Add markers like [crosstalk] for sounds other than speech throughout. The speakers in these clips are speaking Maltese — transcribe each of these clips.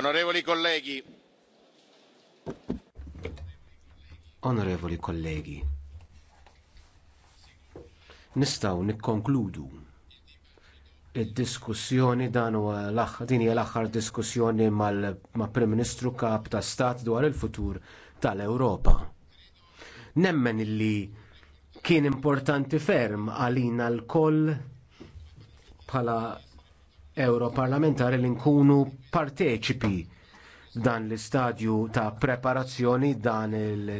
onorevoli colleghi onorevoli nistgħu nikkonkludu d diskussjoni dan huwa din hija l-aħħar diskussjoni mal prim Ministru Kap ta' Stat dwar il-futur tal-Ewropa. Nemmen illi kien importanti ferm għalina l-koll bħala Europarlamentari li nkunu parteċipi dan l-istadju ta' preparazzjoni dan il-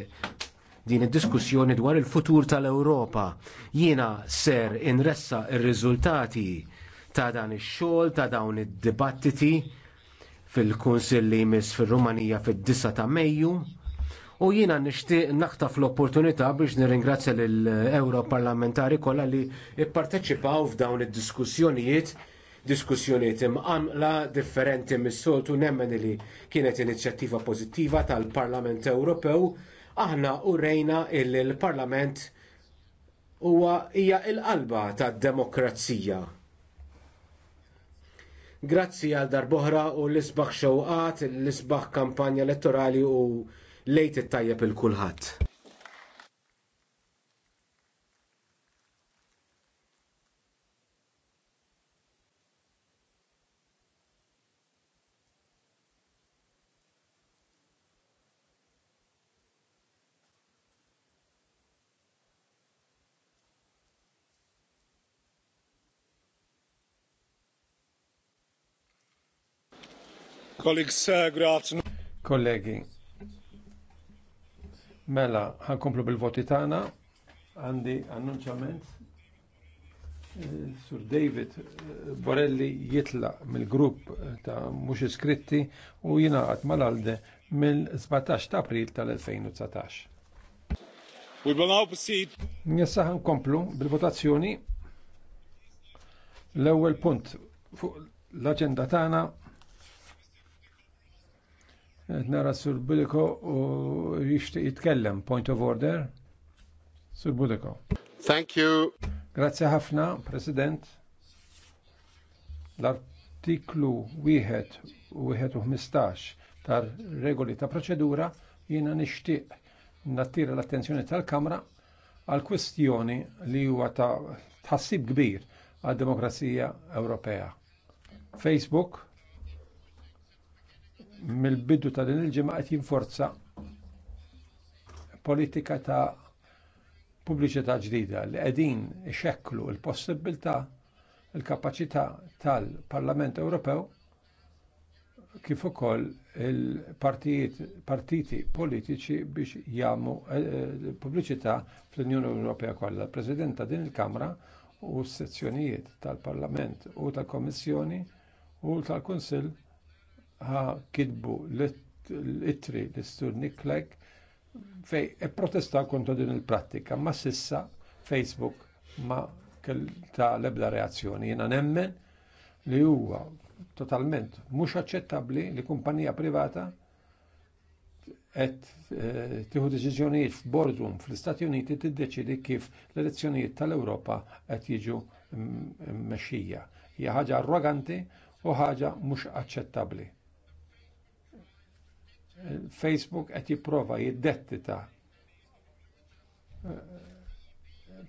din id-diskussjoni dwar il-futur tal-Ewropa. Jiena ser inressa ir-riżultati ta' dan ix-xogħol ta' dawn id-dibattiti fil-Kunsill li jmiss fir-Rumanija fid-9 ta' Mejju U jina nishtiq naħtaf l-opportunità biex nirringrazzja l-Europarlamentari kollha li ipparteċipaw f'dawn id-diskussjonijiet diskussjonijiet imqamla differenti mis-soltu nemmen li kienet inizjattiva pożittiva tal-Parlament Ewropew aħna u rejna il parlament huwa hija l-qalba tad-demokrazija. Grazzi għal darboħra u l-isbaħ xewqat, l-isbaħ kampanja elettorali u lejt it-tajjeb il-kulħadd. Uh, Kollegi, Mela, ħankomplu bil-voti tagħna. Għandi annunċament eh, Sur David eh, Borelli jitla mill-grupp ta' mhux iskritti u jingħaqad mal-alde mill-17 ta' April tal-2019. We will now proceed. Nissa ħankomplu bil-votazzjoni l-ewwel punt fuq l-aġenda tagħna Nara Sur Budiko u jixtieq jitkellem. Point of order. Sur Budiko. Thank you. Grazzi ħafna, President. L-artiklu wieħed u ħmistax tar regoli ta' proċedura jiena nixtieq nattira l-attenzjoni tal-Kamra għal kwestjoni li huwa ta' tħassib kbir għad-demokrazija Ewropea. Facebook mill biddu ta' din il-ġimgħa qed jinforza politika ta' pubbliċità ġdida li qegħdin ixekklu l-possibilità il-kapaċità tal-Parlament Ewropew kif ukoll il-partiti politiċi biex jagħmlu eh, pubbliċità fl-Unjoni Ewropea kollha. President ta' din il-Kamra u s-sezzjonijiet tal-Parlament u tal-Kommissjoni u tal-Kunsill ħa kidbu l-ittri l stur Niklek fej e protesta kontra din il-prattika, ma sissa Facebook ma kell ta' lebda reazzjoni. Jena nemmen li huwa totalment mhux aċċettabbli li kumpanija privata qed e, tieħu deċiżjonijiet f'boardroom fl-Istati Uniti tiddeċidi kif l-elezzjonijiet tal-Ewropa qed jiġu mmexxija. Hija ħaġa arroganti u ħaġa mhux aċċettabbli. Facebook qed jipprova jiddettita eh,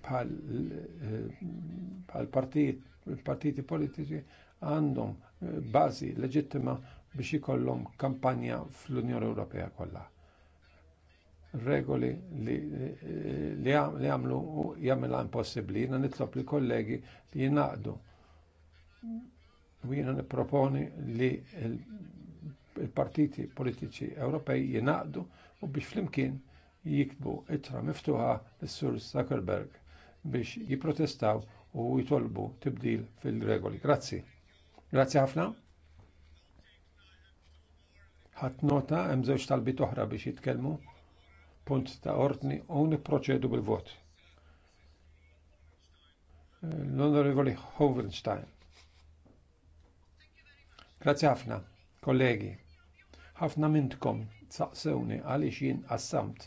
bħal eh, partiti politiċi għandhom eh, bażi leġittima biex ikollhom kampanja fl-Unjoni Ewropea kollha. Regoli li jagħmlu jagħmilha impossibbli, jiena nitlob li kollegi li jingħaqdu. U jiena nipproponi li il-partiti politiċi Ewropej jingħaqdu u biex flimkien jiktbu ittra miftuħa s sur Zuckerberg biex jipprotestaw u jitolbu tibdil fil-regoli. Grazzi. Grazzi ħafna. Ħadd nota hemm żewġ talbi oħra biex jitkellmu. Punt ta' ordni u nipproċedu bil-vot. L-Onorevoli Hovenstein. Grazzi ħafna, kollegi. Ħafna mintkom saqsewni għaliex jien qassamt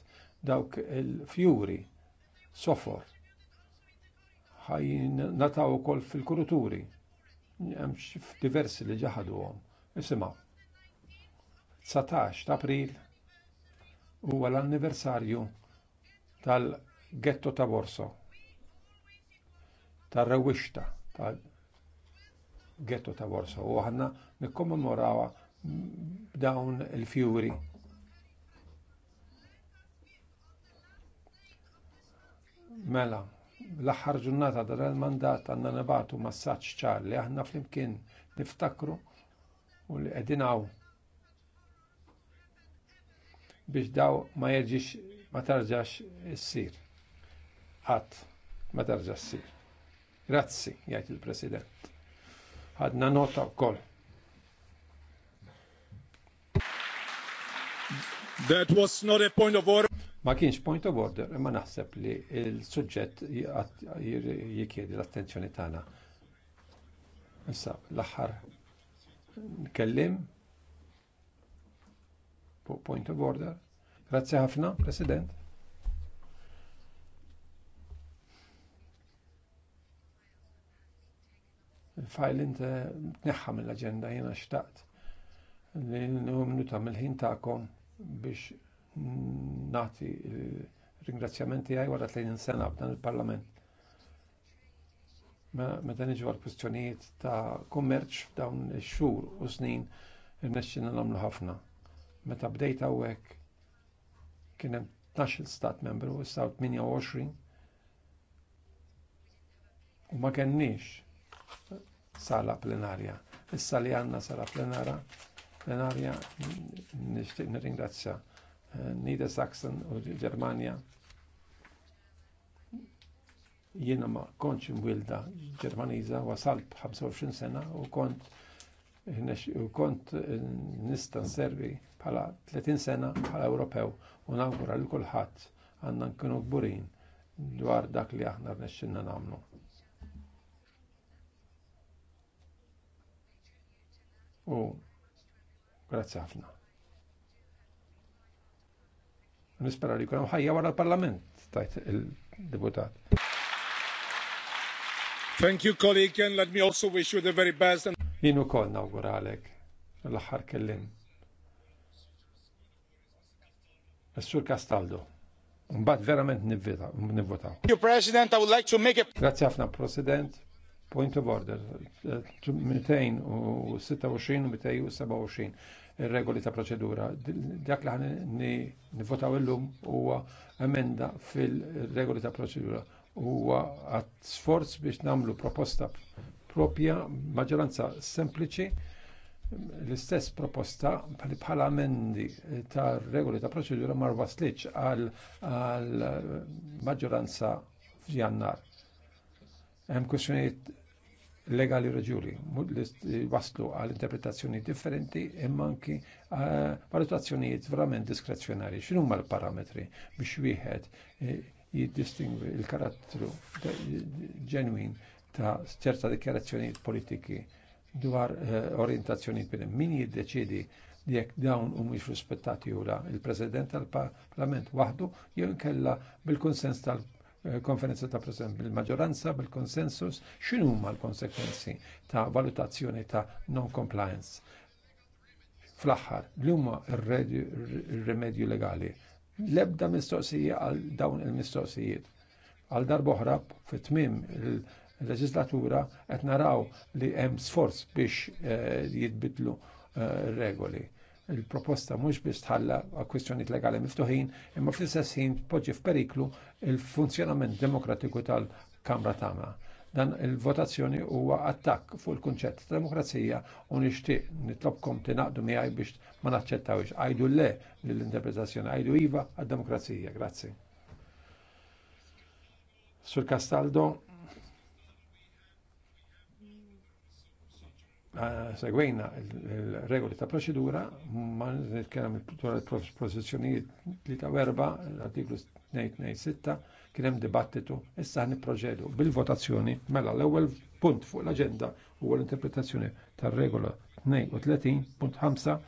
dawk il-fjuri sofor ħajin nataw ukoll fil-kuruturi. Hemm diversi li ġaħaduhom. Isimgħu. 19 ta' April huwa l-anniversarju tal-ghetto ta' Borso. Tar-rewixta tal-ghetto ta' Borso. U aħna nikkommemorawha b'dawn il-fjuri. Mela, l-aħħar ġurnata dar il-mandat għandna nabatu massaġġ ċar li aħna flimkien niftakru u li għedinaw biex daw ma jerġix ma tarġax issir. Qatt ma tarġax s-sir. Grazzi, jgħid il-President. Ħadna nota wkoll. That was not a point of order. Ma kienx point of order, ma naħseb li il-suġġett jikjedi l-attenzjoni tagħna. Issa, l-aħħar nkellim point of order. Grazzi ħafna, President. Il-fajl int tneħħa mill-aġenda jiena xtaqt li nuta mill-ħin ta' biex nati ringrazzjamenti għaj wara 30 sena b'dan il-parlament. Meta niġu għal kwistjonijiet ta' kummerċ dawn il xhur u snin irnexxina namlu ħafna. Meta bdejt hawnhekk kien 12 stat membru u s-saw 28 u ma kenniex sala plenarja. Issa li għandna sala plenara plenarja nixtieq nirringrazzja eh, Nida Saxon u Ġermanja jiena ma konċ imwilda Ġermaniża wasalt 25 sena u kont u kont eh, nista nservi pala 30 sena pala Ewropew u nawgura li kulħadd għandna nkunu gburin dwar dak li aħna rnexxinna namlu. U Grazie ħafna. Nispera li kunem ħajja wara l-Parlament, tajt il-deputat. Thank you, colleague, and let me also wish you the very best. Jien ukoll għalek l-aħħar kellim. Is-Sur Castaldo. Mbagħad verament nivvita, nivvotaw. Thank you, President. I would like to make a Grazie ħafna, President. Point of order, 226 u 227 ir-regoli ta' proċedura. Dak li ħan nivotaw illum huwa emenda fil-regoli ta' proċedura. Huwa għat sforz biex namlu proposta propja maġġoranza sempliċi l-istess proposta bħala amendi ta' regoli ta' proċedura ma' waslitx għal maġġoranza f'jannar. Hemm kwestjonijiet legali raġuli, eh, waslu għal interpretazzjoni differenti imma anki valutazzjonijiet verament diskrezjonari. X'inhu huma l-parametri biex wieħed eh, jiddistingwi il-karattru ġenwin ta' ċerta dikjarazzjonijiet politiki dwar eh, orientazzjoni binem. Min jiddeċidi li jekk dawn u mhux rispettati u il-President tal-Parlament waħdu jew kella bil-konsens tal-Parlament konferenza ta' preżent bil-maġġoranza, bil-konsensus, x'inhu huma l-konsekwenzi ta' valutazzjoni ta' non-compliance. Fl-aħħar, li huma r-remedju legali. L-ebda mistoqsija għal dawn il-mistoqsijiet. għal darba oħra fit-tmim il-leġislatura qed naraw li hemm sforz biex eh, jitbidlu eh, regoli il-proposta mhux biex tħalla kwistjonijiet legali miftuħin, imma fl-istess ħin tpoġġi f'periklu il-funzjonament demokratiku tal-Kamra tagħna. Dan il-votazzjoni huwa attakk fuq il-kunċett ta' demokrazija u nixtieq nitlobkom tinaqdu miegħi biex ma naċċettawx. Għajdu le lill-interpretazzjoni, għajdu iva għad-demokrazija. Grazzi. Sur Castaldo, Eh, segwejna il-regoli ta' proċedura, ma nitkellem il-professjonijiet li ta' verba, l-artiklu 226, kien hemm dibattitu, issa nipproġedu bil-votazzjoni mela l-ewwel punt fuq l agenda u l-interpretazzjoni tar-regola 32.5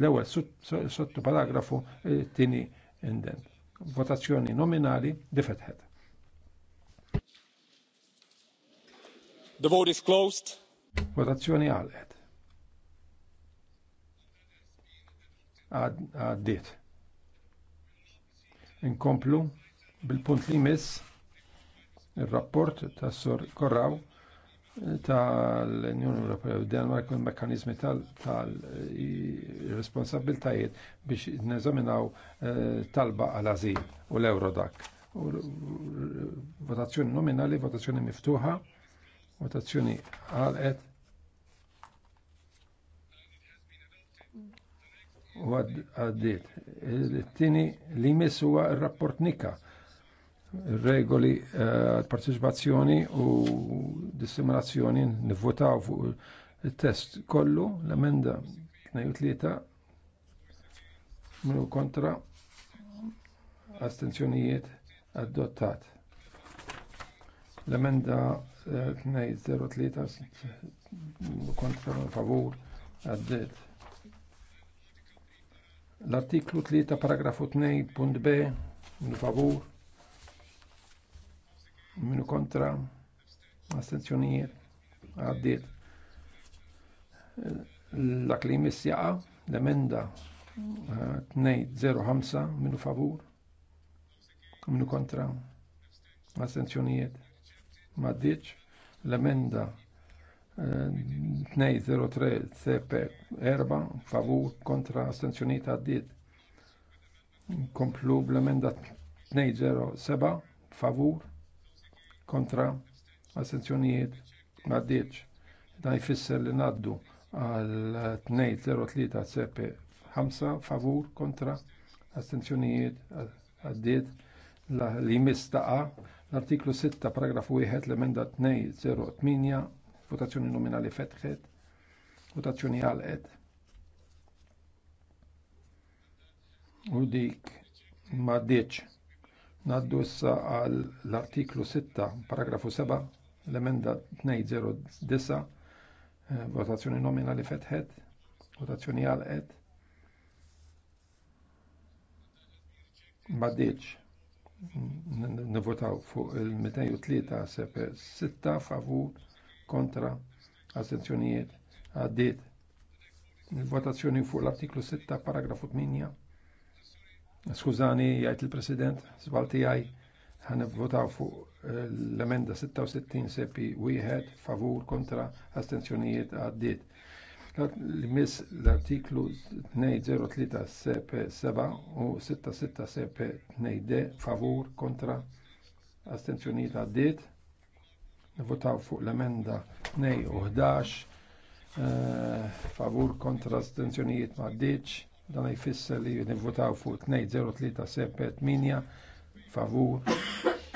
l-ewwel sottoparagrafu eh, tini inden. Votazzjoni nominali difetħed. The vote is closed. Votazzjoni għalet. Għaddit. Inkomplu bil-punt li mis il-rapport ta' Sor Korraw tal-Unjoni Ewropea u Danmarku il-mekkanizmi tal-responsabiltajiet biex neżaminaw eh, talba għal-azil u l-Eurodac. Votazzjoni nominali, votazzjoni miftuħa. Votazzjoni għalqet. U għaddit. Il-tini li jmiss huwa r-rapport nika regoli eh, partecipazzjoni u dissimulazzjoni nivvotaw fuq il-test kollu l-emenda 23 minu kontra astenzjonijiet adottat. L-emenda 203 favur għaddit. L-artiklu 3 paragrafu 2 punt B minu favur minu kontra astenzjonijiet għaddit. L-akli misjaqa l-emenda 205 minu favur minu kontra astenzjonijiet maddiċ l-emenda 203 CP 4 favur kontra astenzjoniet għaddit. Komplu l emenda 207 favur kontra astenzjoniet maddiċ. Dan jfisser li naddu għal 203 CP 5 favur kontra astenzjoniet għaddit li mistaqa L-artiklu 6, paragrafu 1, l-emenda 208, votazzjoni nominali fetħet, votazzjoni għalqet. U dik ma deċ. Naddu issa għal l-artiklu 6, paragrafu 7, l-emenda 209, eh, votazzjoni nominali fetħet, votazzjoni għalqet. Ma deċ nivotaw fuq il-203 sepe 6 favur kontra astenzjonijiet għaddit. Il-votazzjoni fuq l-artiklu 6 paragrafu 8. Skużani, jgħid il-President, zbalti jgħaj, għan votaw fuq l-emenda 66 sepi wieħed favur kontra astenzjonijiet għaddit. L-miss l-artiklu 203 CP7 u 66 CP2D favur kontra astenzjoniet għaddiet. Votaw fuq l-emenda 2 u 11 eh, favur kontra astenzjoniet ma Dan jfisser li nivvotaw fuq 203 CP8 favur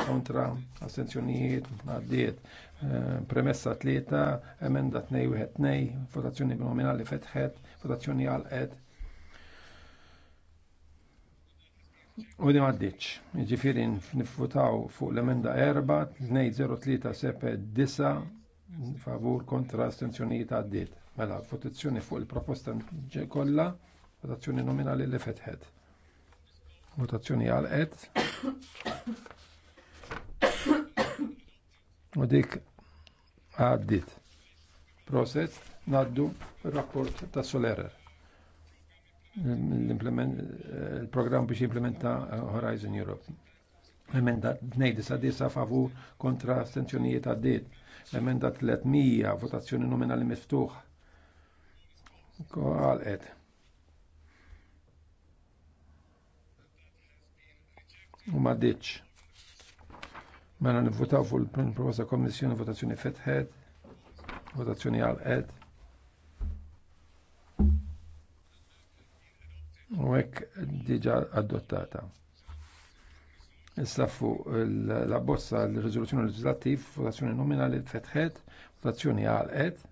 kontra astenzjonijiet għaddiet Eh, premessa tlieta, emenda tnej wieħed tnej, votazzjoni nominali fetħet, votazzjoni għalqet. U di maddiċ, ġifiri nifutaw fuq l-emenda erba' tnej 03 sepe 9, favur kontra astenzjonijiet għaddit. Mela, votazzjoni fuq il-proposta kollha, votazzjoni nominali li fetħet. Votazzjoni għalqet. [coughs] U dik għaddit. Proċess naddu rapport ta' Solerer. Il-program biex implementa Horizon Europe. Emenda 299 favu kontra astenzjonijiet għaddit. Emenda 300 votazzjoni nominali miftuħ. Għalqet. U ma ditx. Mela nivvotaw fuq il-proposta kommissjoni votazzjoni fetħed, votazzjoni għal-ed. U hekk diġà adottata. Issa fuq la bozza l-riżoluzzjoni leġislattiv, votazzjoni nominali fetħed, votazzjoni għal-ed.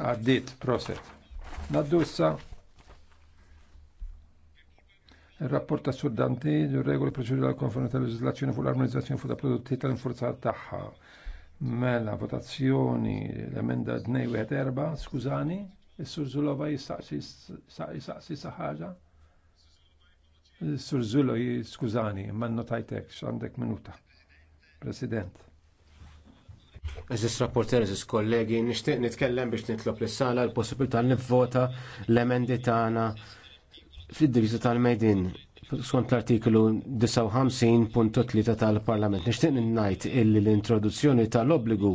Għaddit, proset. Naddu issa Il-rapport ta' suddanti regoli proċedura konformi tal legislazzjoni fuq l-armonizzazzjoni fuq prodotti tal-infurzat tagħha. Mela, votazzjoni, l-emenda 2-4, skużani, il-Sur Zulova jisaxi saħħaġa? Il-Sur Zulo skużani, mannu tajtek xandek minuta. President. Eżis rapporter, eżis kollegi, nishtiq nitkellem biex nitlob l-sala l-possibilità nivvota l-emendi tagħna fid-divżu tal-Mejdin skont l-artiklu 59.3 tal-Parlament. Nixtieq ngħid illi l-introduzzjoni tal-obbligu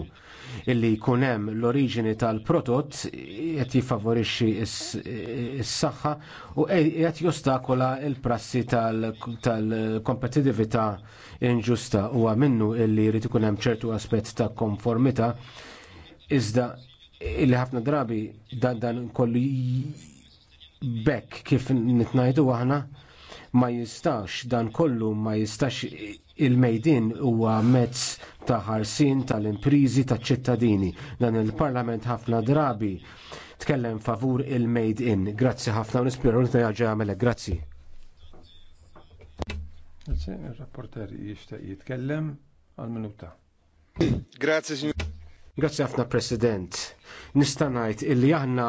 illi jkun hemm l-oriġini tal-prodott qed jiffavorixxi s-saħħa u qed jostakola l-prassi tal-kompetitività inġusta huwa minnu illi jrid ikun hemm ċertu aspett ta' konformità iżda illi ħafna drabi dan kollu bekk kif nitnajdu aħna ma jistax dan kollu ma jistax il-mejdin huwa mezz ta' ħarsin tal-imprizi taċ ċittadini. Dan il-Parlament ħafna drabi tkellem favur il-made in. Grazzi ħafna u nispiru li għamela, grazzi. Grazzi, il-rapporter jishtiq jitkellem għal minuta. Grazzi, signor. Grazzi ħafna President. Nista' ngħid illi aħna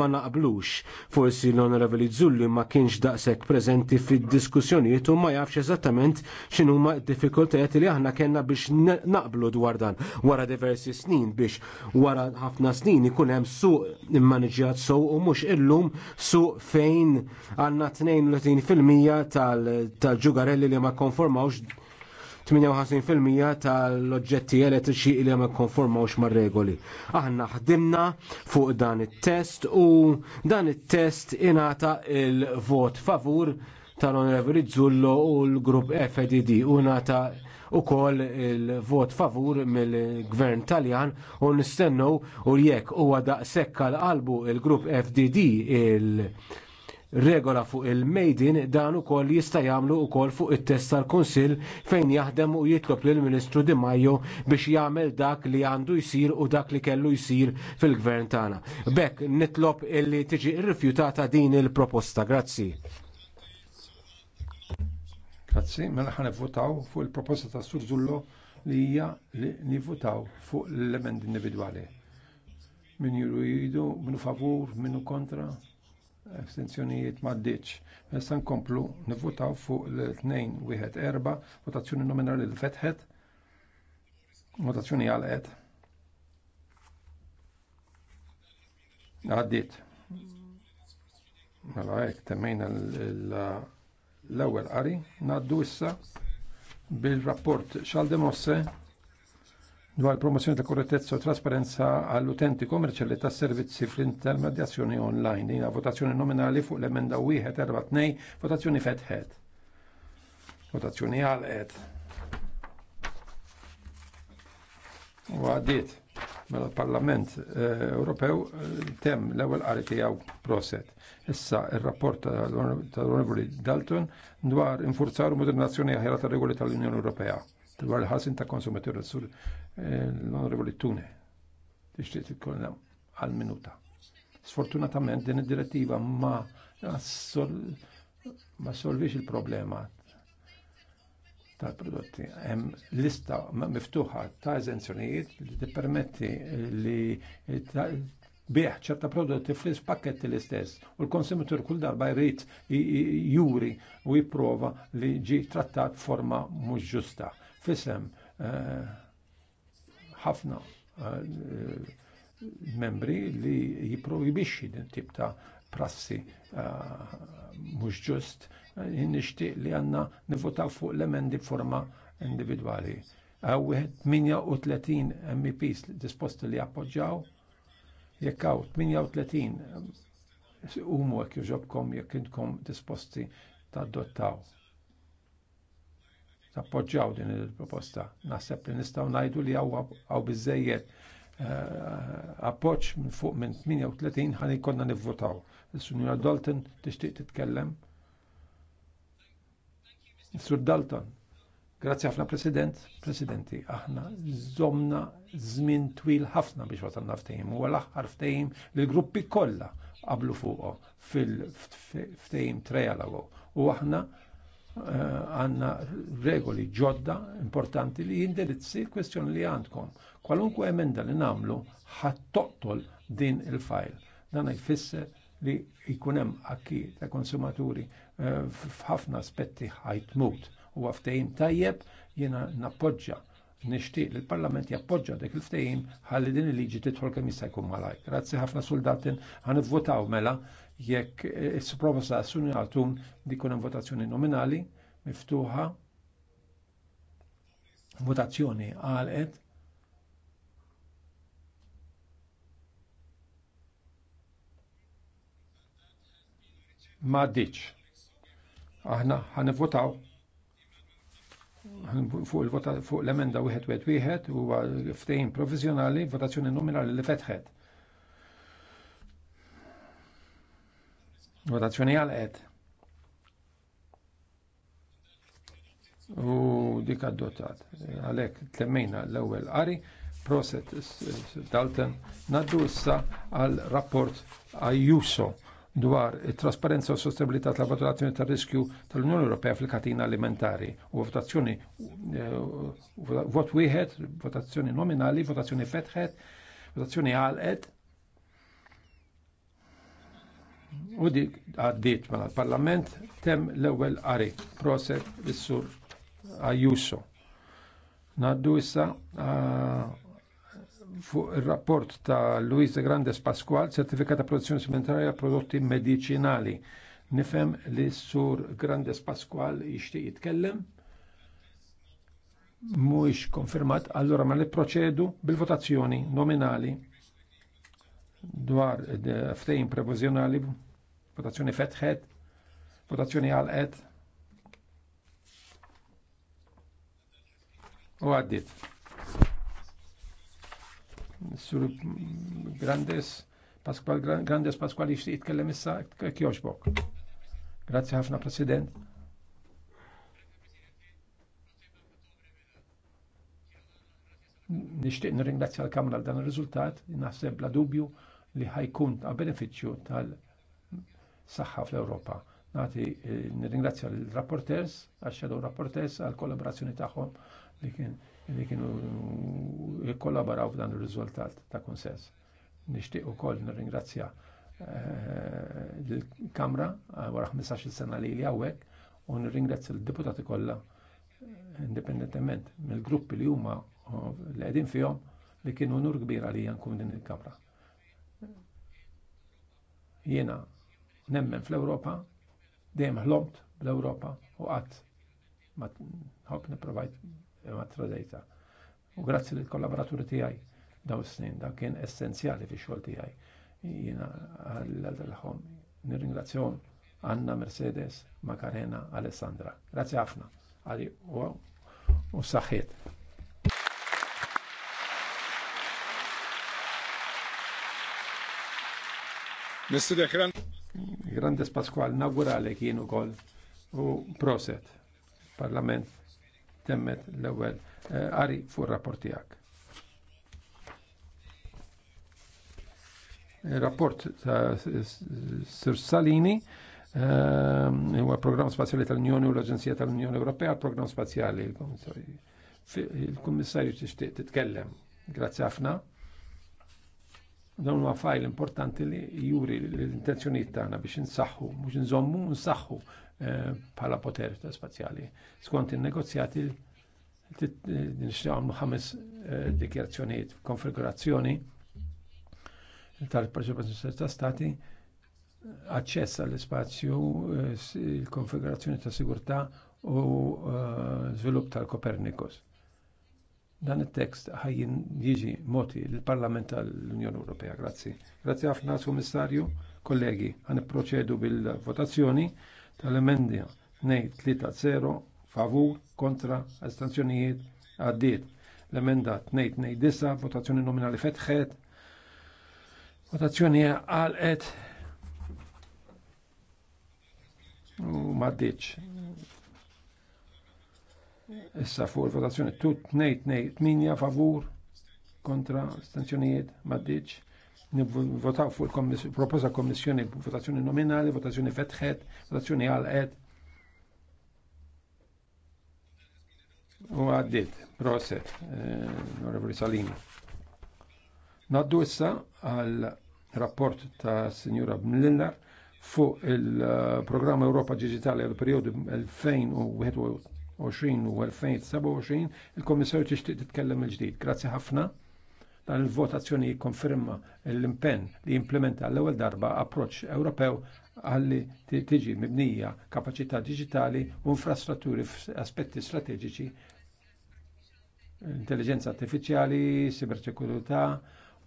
ma naqblux forsi l-Onorevoli Zulli ma kienx daqshekk preżenti fid-diskussjonijiet u ma jafx eżattament x'inhu huma d-diffikultajiet li aħna kellna biex naqblu dwar dan wara diversi snin biex wara ħafna snin ikun hemm suq immaniġjat sow u mhux illum suq fejn għandna 32% tal-ġugarelli li ma konformawx 58% tal-oġġetti elettriċi li ma konformawx mar-regoli. Aħna ħdimna fuq dan it-test u dan it-test inata il-vot favur tal-Onorevoli Zullo u l-Grupp FDD e u nata u kol il-vot favur mill-Gvern Taljan u nistennu u jekk u għada għal qalbu il-Grupp FDD e il-, -grupp FDD, il regola fuq il-mejdin dan ukoll jista' jagħmlu wkoll fuq it-test tal-Kunsill fejn jaħdem u jitlob lill Ministru Di Majo biex jagħmel dak li għandu jsir u dak li kellu jsir fil-gvern tagħna. Bekk nitlob illi tiġi rrifjutata din il-proposta. Grazzi. Grazzi, mela ħan votaw fuq il-proposta ta' Sur Zullo li hija li nivvotaw fuq l-element individwali. Min juru jidu, minu favur, minu kontra. Astenzjonijiet maddiċ. Issa nkomplu nivvutaw fuq l-2-1-4, votazzjoni nominali li fetħet, votazzjoni għalqet. Għaddit. Mela hekk temmejna l-ewwel qari, naddu issa bil-rapport x'għal demosse dwar promozzjoni ta' korrettezza u trasparenza għall-utenti kommerċjali tas servizzi fl-intermedjazzjoni online. Hija votazzjoni nominali fuq l-emenda wieħed erba' votazzjoni fetħed. Votazzjoni għalqet. U għaddiet mela parlament eh, Ewropew eh, tem l ewel għariti għaw proset. Issa ir-rapport tal-Onorevoli Dalton dwar infurzar u modernazzjoni aħjara tar-regoli tal-Unjoni Ewropea dwar il-ħasin ta' konsumatur l-Onorevoli Tune tixtieq titkollna għal minuta. Sfortunatament din id-direttiva ma ma solvix il-problema tal-prodotti. Hemm lista miftuħa ta' eżenzjonijiet li tippermetti li bieħ ċerta prodotti fl-pakketti is l-istess u l-konsumatur kull darba jrid juri u jipprova li ġi trattat forma mhux ġusta. Fisem uh, ħafna eh, membri li jiprojbixxi din tip ta' prassi eh, mhux ġust, eh, nixtieq li għandna nivotaw fuq l-emendi forma individwali. wieħed 38 MPs disposti li appoġġaw, jekk hawn 38 umu jekk jġobkom jekk intkom disposti tadottaw tappoġġjaw din il-proposta. Naħseb li nistgħu ngħidu li għaw bizzejiet eh, appoġġ minn fuq minn 38 ħani ikonna nivvotaw. Il-Sunjura Dalton tixtieq titkellem. Sur Dalton, grazzi ħafna President, Presidenti, aħna żomna żmien twil ħafna biex wasalna ftehim, huwa l-aħħar ftehim li l-gruppi kollha qablu fuqhom fil-ftehim trejalaw u aħna Eh, għanna regoli ġodda importanti li jindirizzi l-kwestjoni li għandkom. Kwalunkwe emenda li namlu ħattoqtol din il-fajl. Dan jfisser li jkunem akki ta' konsumaturi eh, f'ħafna aspetti ħajtmut u għaftejim tajjeb jena nappoġġa nishtiq li l-Parlament jappoġġa dek il-ftehim ħalli din il-liġi tidħol kemm jista' jkun malaj. Grazzi ħafna soldatin ħanivvotaw mela jekk is-proposta assuni għatun dikun votazzjoni nominali miftuħa votazzjoni għalqet ma diċ. Aħna votaw fuq l-emenda wieħed 1 u huwa ftejn provizjonali votazzjoni nominali li fetħet. Votazzjoni għal qed. U dik adottat. Għalhekk tlemmejna l-ewwel qari proset Dalton naddu issa għal rapport Ayuso dwar it-trasparenza u sostenibilità tal-valutazzjoni tar-riskju tal-Unjoni Ewropea fil-katina alimentari u votazzjoni eh, vot wieħed, votazzjoni nominali, votazzjoni fetħet, votazzjoni għalqet, U dik għaddiet l mela parlament tem l-ewwel qari proset is-sur Ayuso. Naddu issa ah, fuq il-rapport ta' Luis de Grandes Pasqual, certifikat produzzjoni sementarja prodotti medicinali. Nifem li sur Grandes Pasqual jixtieq jitkellem. Mhuwiex konfermat, allura ma mela li bil-votazzjoni nominali dwar ftejn prepozjonali, votazzjoni fetħet, votazzjoni għalqet. U għaddit. Sur Grandes, Pasqual Grandes Pasqual ixti jitkellem issa kjoxbok. Grazie ħafna President. Nishtiq nirringrazzja l-Kamra għal dan ir-riżultat, naħseb bla dubju li ħajkun ta' benefiċċju tal-saħħa fl-Ewropa. Nati eh, nirringrazzja l-rapporters, għax-shadow rapporters għall kollaborazzjoni tagħhom li kien li kienu jikkollaboraw eh, f'dan ir-riżultat ta' konsens. Nixtieq ukoll nirringrazzja eh, l-Kamra wara 15 sena li hawnhekk u nirringrazzja l-deputati kollha indipendentement mill-gruppi li huma li qegħdin fihom li kienu nur kbira li nkun din il-Kamra. Jiena nemmen fl europa dejjem ħlomt bl europa u qatt ma ħobb niprovajt ma tradejta. U grazzi lill kollaboraturi tiegħi daw is-snin da kien essenzjali fix-xogħol tiegħi. Jiena għall-ħom nirringrazzjahom Anna Mercedes, Macarena, Alessandra. Grazzi ħafna. Għali u saħħiet. Mr. Grande Pasqual, nawgurale kienu kol u proset parlament temmet l-ewel għari eh, fu rapportijak. Eh, rapport ta' Sir Salini eh, huwa programm spazjali tal-Unjoni u l-Aġenzija tal-Unjoni Ewropea għal-programm spazjali. Il-Kummissarju tixtieq titkellem. Grazie ħafna. Dawn huwa fajl importanti li juri l-intenzjonijiet tagħna biex insaħħu, mhux nżommu, nsaħħu eh, bħala poter spazjali. Skont in-negozjati nixtieq ħames eh, dikjerazzjonijiet konfigurazzjoni tal-Preċipazzjoni ta' Stati aċċess għall-ispazju, eh, il-konfigurazzjoni ta' sigurtà u żvilupp tal-Kopernikus. Dan it-tekst ħajjin jiġi moti l-Parlament tal-Unjoni Ewropea. Grazzi. Grazzi ħafna, Kummissarju, kollegi, għan proċedu bil-votazzjoni emendja 2 2-3-0, favur, kontra, astanzjonijiet għaddiet. L-emenda 9 9 votazzjoni nominali fetħet, votazzjoni għal-et, u maddiċ. Issa fuq il-votazzjoni tut nejt nejt minja favur kontra stanzjonijiet, maddiċ. Votaw fuq il proposa komissjoni, votazzjoni nominali, votazzjoni fetħet, votazzjoni għal għalqet. U għaddit, proset, eh, onorevoli Salini. Naddu issa għal rapport ta' signora Mlillar fuq il-programma eh, Europa Digitali għal periodu 2021 2020 u 2027 il-Komissarju tixtieq titkellem il-ġdid. Grazzi ħafna dan il-votazzjoni jikkonferma l-impenn li jimplementa l-ewwel darba approċċ Ewropew għalli tiġi mibnija kapaċità diġitali u infrastrutturi f'aspetti strateġiċi intelligenza artifiċjali, sibersekurità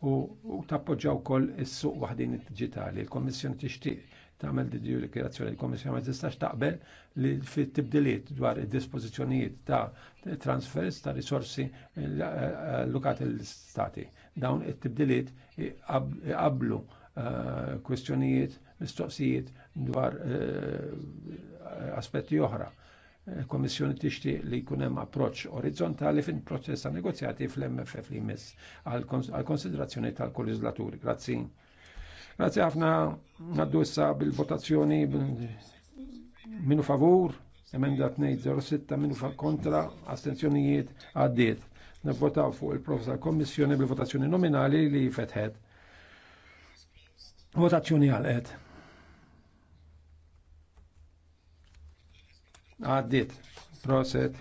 u tappoġġaw kol is-suq waħdin digitali. Il-Kommissjoni tixtieq tagħmel di dikjerazzjoni l-Kommissjoni ma tistax taqbel li fit-tibdiliet dwar id-dispożizzjonijiet ta' transfers ta' risorsi eh, eh, allokati l istati Dawn it-tibdiliet qablu eh, kwestjonijiet, mistoqsijiet dwar aspetti oħra komissjoni tixti li jkun hemm approċċ orizzontali fin proċess ta' negozjati fl-MFF li jmiss għal konsiderazzjoni tal-kolleġislaturi. Grazzi. Grazie ħafna għaddu issa bil-votazzjoni minu favur, emenda 206 minu kontra, astenzjonijiet għaddiet. Nivvotaw fuq il-professor kommissjoni bil-votazzjoni nominali li fetħed. Votazzjoni għal-ed. Għaddiet. Proset.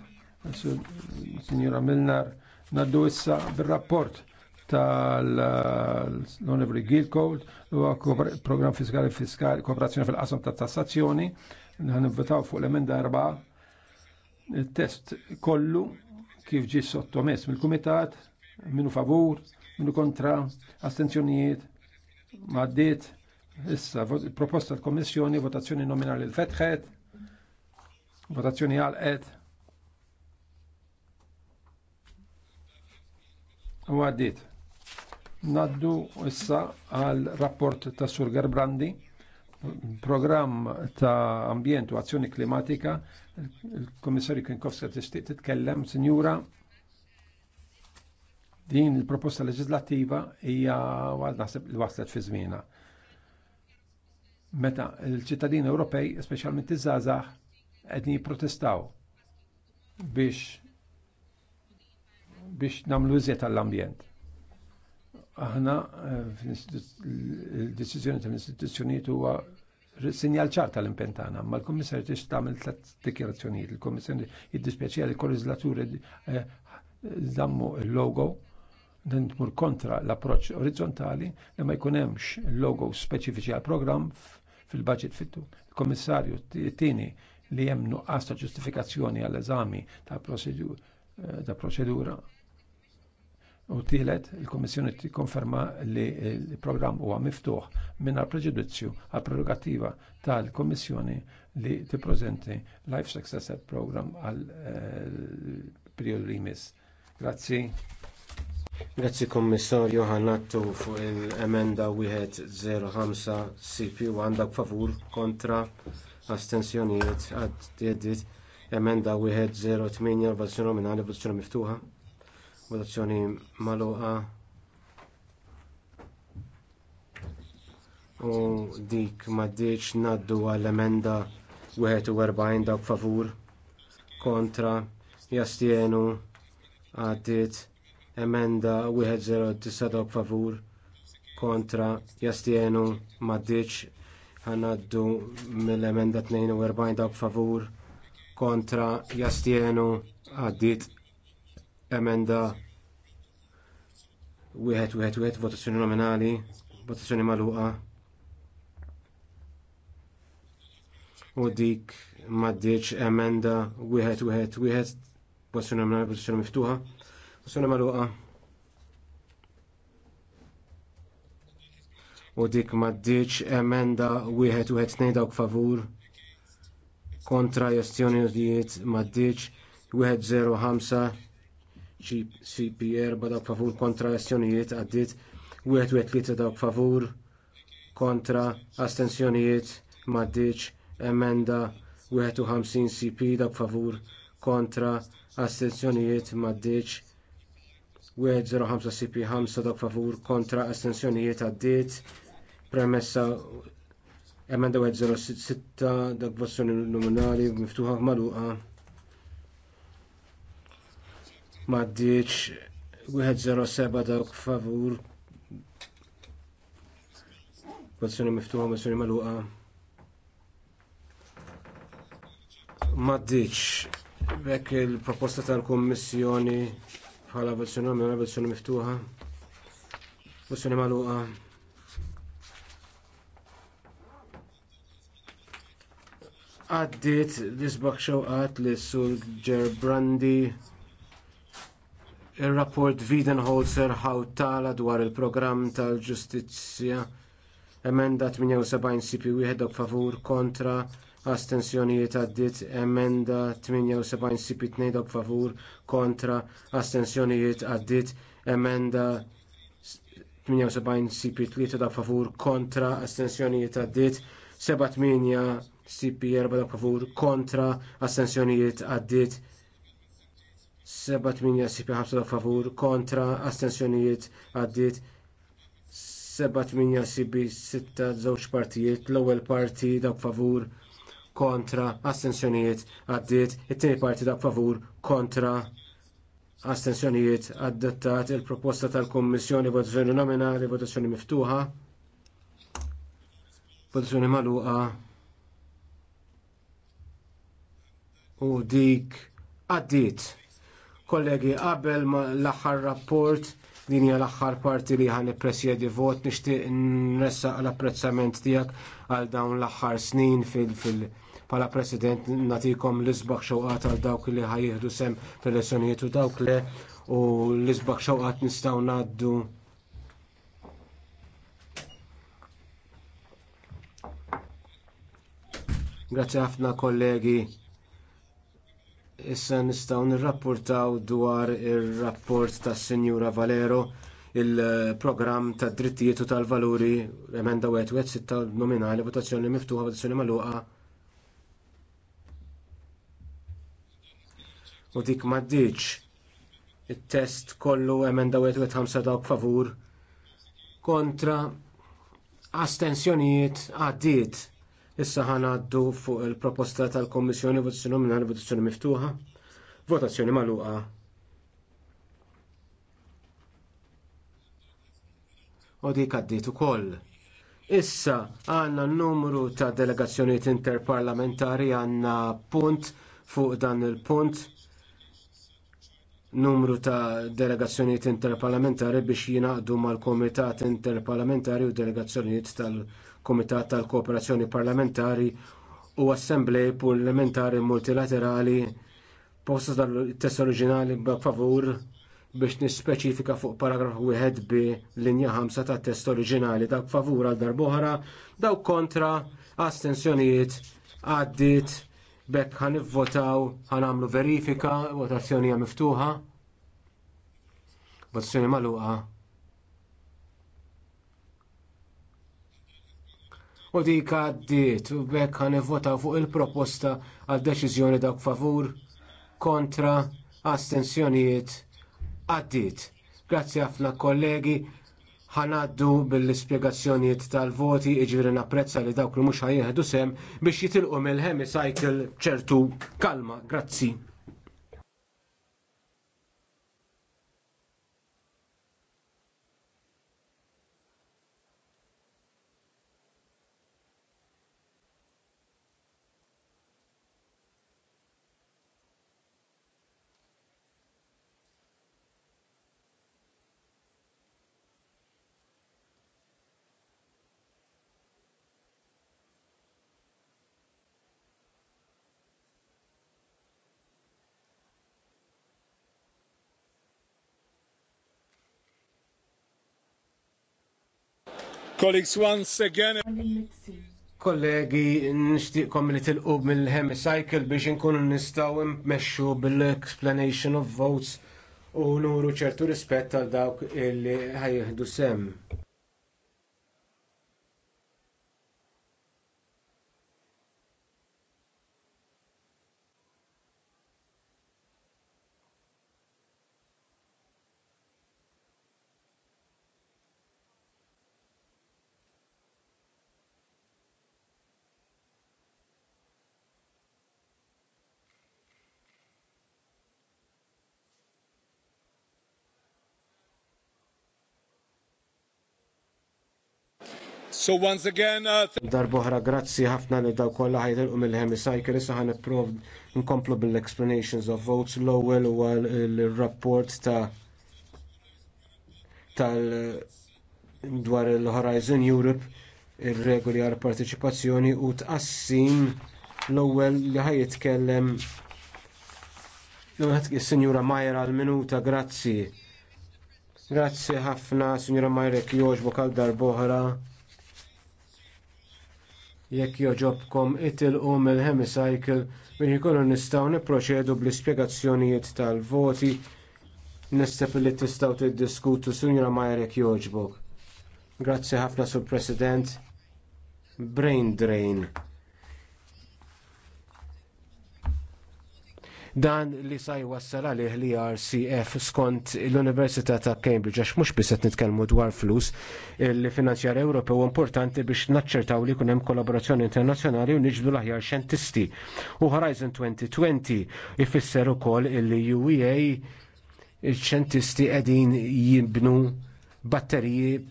Signora Milnar. Naddu issa bil-rapport tal-Onorevoli Code, u program fiskali fiskali kooperazzjoni fil-qasam ta' tassazzjoni għan votaw fuq l-emenda 4 il-test kollu kif ġi sottomess mill-kumitat minu favur, minu kontra, astenzjonijiet, maddit, issa proposta l komissjoni votazzjoni nominali l-fetħet, votazzjoni għal-et, U għaddit. Naddu issa għal rapport ta' Sur Gerbrandi, programm ta' ambjent u azzjoni klimatika, il-Komissarju Kinkowska tixtieq titkellem, Sinjura, din il-proposta leġislattiva hija għal naħseb li waslet fi żmienha. Meta l-ċittadini Ewropej, speċjalment iż-żgħażagħ, qegħdin jipprotestaw biex biex namlu iżjed għall-ambjent aħna eh, l-deċiżjoni ta' l-istituzzjonijiet huwa sinjal ċar tal-impentana, ma l-Kommissarju tix tagħmel tliet dikjarazzjonijiet. il komissar jiddispjaċija li l-Korriżlaturi żammu eh, l-logo dan tmur kontra l-approċċ orizzontali li ma jkun hemmx logo speċifiċi għal programm fil-budget fittu. Il-Kommissarju tieni li hemm nuqqas ta' ġustifikazzjoni għall eżami eh, ta' proċedura U tielet, il-Kommissjoni tikkonferma li l-programm huwa miftuħ mingħajr preġudizzju għal prerogattiva tal kummissjoni li tippreżenti Life Success Program għal eh, periodu li jmiss. Grazzi. Grazzi Kommissar ħanattu fuq il-emenda 105 CP u għandak favur kontra astensjonijiet għad tjeddit emenda 108 votazzjoni nominali votazzjoni miftuħa votazzjoni magħluqa. u dik m'għaddiex ngħaddu għall emenda 41 dawk favur kontra jastienu għaddiet emenda 109 dawk favur kontra jastienu m'għaddiex ħanaddu mill-emenda 42 dawk favur kontra jastienu għaddiet Emenda wieħed wieħed wieħed votazzjoni nominali, votazzjoni magħluqa. U dik maddiċ emenda wieħed wieħed wieħed votazzjoni nominali, votazzjoni miftuħa, votazzjoni magħluqa. u dik maddiċ emenda wieħed wieħed tnejn dawk favur kontra jastjonijiet maddiċ wieħed 105 GCP 4 dawk favur kontra estjonijiet għaddit 1-3 dawk favur kontra astensjonijiet maddiċ emenda 51 CP dawk favur kontra astensjonijiet maddiċ 05 CP5 dawk favur kontra astensjonijiet għaddit premessa emenda 1-06 dawk vossjoni nominali miftuħa maluqa maddiċ 7 dawk favur Mozzjoni miftuħa, mozzjoni maluqa. Maddiċ, bekk il-proposta tal-Kommissjoni bħala vozzjoni għamil, vozzjoni miftuħa, vozzjoni maluqa. Għaddit l-isbak xewqat li sur Gerbrandi ir rapport Widenholzer ħawtala dwar il-programm tal-ġustizzja emenda 78 CP1 dok favur kontra astensjonijiet għaddiet emenda 78 CP2 dok favur kontra astensjonijiet għaddiet emenda 78 CP3 dok favur kontra astensjonijiet għaddiet 78 CP4 dok favur kontra astensjonijiet għaddiet 7-8 CP5 favur kontra astensjonijiet għaddit 7-8 sibi 6 żewġ partijiet l-ewwel parti dak favur kontra astensjonijiet għaddiet it-tieni parti dak favur kontra astensjonijiet għaddettat il-proposta tal-Kommissjoni votazzjoni nominali, votazzjoni miftuħa, votazzjoni magħluqa. u dik għaddiet. Kollegi, qabel l-aħħar rapport din hija l-aħħar parti li ħan ippresjedi vot nixtieq nressaq l-apprezzament tiegħek għal dawn l-aħħar snin fil- fil Bħala president natikom l-isbaħ xewqat għal dawk li ħajjieħdu sem fil-elezzjonijiet u dawk le u l-isbaħ xoqat nistgħu ngħaddu Grazie ħafna kollegi. Issa nistgħu nirrapportaw dwar ir-rapport tas-Sinjura Valero il-programm tad drittijiet u tal-valuri emenda 1 nominali votazzjoni miftuħa votazzjoni magħluqa. u dik maddiċ. Il-test kollu emenda 1.5 dawk favur kontra astensjonijiet għaddiet. Issa ħanaddu fuq il-proposta tal-Kommissjoni votazzjoni nominali votazzjoni miftuħa. Votazzjoni magħluqa. U dik għaddiet ukoll. Issa għandna n-numru ta' delegazzjonijiet interparlamentari għandna punt fuq dan il-punt numru ta' delegazzjonijiet interparlamentari biex jingħaqdu mal-Komitat Interparlamentari u delegazzjonijiet tal- Kumitat tal-Kooperazzjoni Parlamentari u Assemblej Parlamentari Multilaterali posta dal-test oriġinali b'favur biex nispeċifika fuq paragrafu wieħed bi linja 5 tat test oriġinali dak favur għal darbohra daw kontra astensjonijiet għaddiet bekk ħan votaw ħan nagħmlu verifika votazzjoni miftuħa votazzjoni magħluqa. u dik għaddiet u bekk għan fuq il-proposta għal deċiżjoni dawk favur kontra astensjonijiet għaddiet. Grazzi ħafna kollegi ħanaddu bil ispjegazzjonijiet tal-voti iġviri napprezza li dawk li mhux ħajjeħdu sem biex jitilqu mill-hemicycle ċertu kalma. Grazzi. Colleagues, once again. Kollegi, nishtiqkom li tilqu mill-hemicycle biex nkunu nistaw immexxu bil-explanation of votes u nuru ċertu rispett għal dawk li ħajjeħdu sem. So once again uh, Darboħra grazzi ħafna li daw kollha u mill sajker, issa ħan ipprov nkomplu bil-explanations of votes l u għal l-rapport ta' tal dwar il-Horizon Europe ir-regoli għal partiċipazzjoni u tqassim l-ewwel li ħajitkellem Is-Sinjura Majra għal minuta grazzi. Grazzi ħafna, Sinjura Majra, kjoġ bokal darboħra jekk joġobkom itilqu mill-hemicycle biex ikunu nistgħu nipproċedu bl-ispjegazzjonijiet tal-voti nistep li tistgħu tiddiskutu Sinjura Majer jekk jogħġbok. Grazzi ħafna sur President. Brain Drain. dan li saj jwassal għalih li RCF skont l-Università ta' Cambridge għax mhux biss qed nitkellmu dwar flus il-finanzjar Ewropew importanti biex naċċertaw li jkun hemm kollaborazzjoni internazzjonali u nġdu l-aħjar xjentisti. U Horizon 2020 ifisser ukoll il-UEA xentisti xjentisti qegħdin jibnu batteriji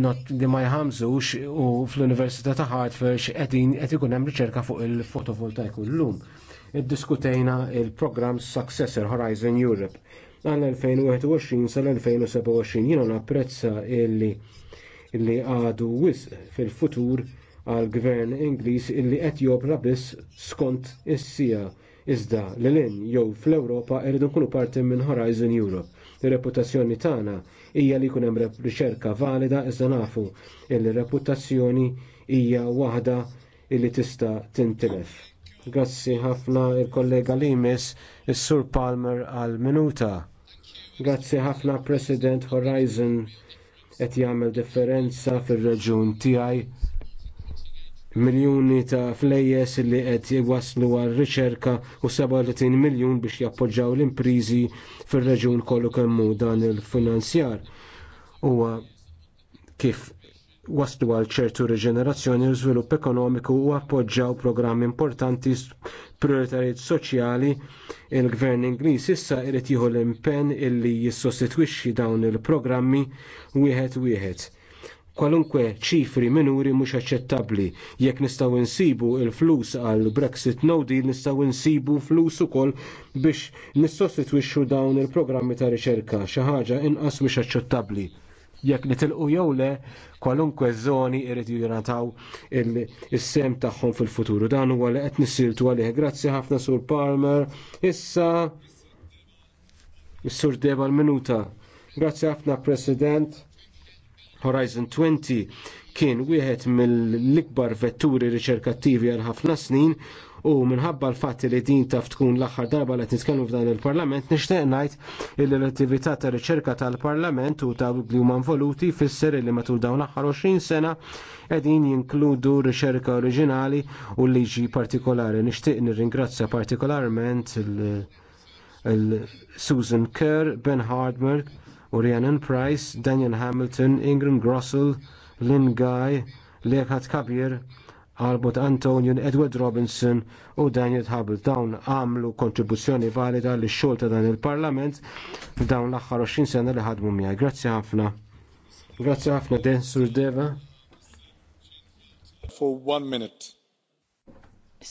not li ma jħamżux u fl-Università ta' Hartford qegħdin qed ikun hemm riċerka fuq il-fotovoltaiku llum iddiskutejna il-programm Successor Horizon Europe għal 2021 sal-2027 jiena napprezza illi illi għadu wisq fil-futur għall gvern Ingliż illi qed jopra biss skont is-sija iżda l-lin jew fl-Ewropa irridu nkunu parti minn Horizon Europe. Ir-reputazzjoni tagħna hija li jkun hemm riċerka valida iżda nafu il-reputazzjoni hija waħda illi tista' tintilef. Grazzi ħafna il-kollega Limes, il-Sur Palmer għal-minuta. Grazzi ħafna President Horizon qed jagħmel differenza fir-reġjun tiegħi miljuni ta' flejjes li qed jwasslu għal riċerka u 37 miljun biex jappoġġaw l-imprizi fir-reġjun kollu kemm hu dan il-finanzjar. Huwa kif waslu għal ċertu riġenerazzjoni u żvilupp ekonomiku u appoġġjaw programmi importanti prioritajiet soċjali il-gvern Ingliż issa jrid jieħu l-impenn illi jissostitwixxi dawn il-programmi wieħed wieħed. Kwalunkwe ċifri minuri mhux aċċettabbli. Jekk nistgħu insibu l flus għal Brexit no deal nistgħu insibu flus ukoll biex nissostitwixxu dawn il-programmi ta' riċerka xi ħaġa inqas mhux aċċettabbli jekk nitilqu jew le kwalunkwe żoni irid jirataw is-sem tagħhom fil-futuru. Dan huwa li qed nisiltu għalih. Grazzi ħafna Sur Palmer. Issa Sur Deba l-minuta. Grazzi ħafna President. Horizon 20 kien wieħed mill-ikbar vetturi riċerkattivi għal ħafna snin u minħabba l-fatt li din taf tkun l-aħħar darba li nitkellmu f'dan il-Parlament nixtieq ngħid li l-attività ta' riċerka tal-Parlament u ta' li huma involuti fisser li matul dawn l-aħħar 20 sena qegħdin jinkludu riċerka oriġinali u liġi partikolari. Nixtieq nirringrazzja partikolarment il-Susan Kerr, Ben Hardmer, u Rhiannon Price, Daniel Hamilton, Ingram Grossell, Lynn Guy, Lekat Kabir, Albert Antonion, Edward Robinson u Daniel Hubble dawn għamlu kontribuzzjoni valida li xogħol ta' dan il-Parlament dawn l-aħħar 20 sena li ħadmu mija. Grazzi ħafna. Grazzi ħafna Den Surdeva. For one minute.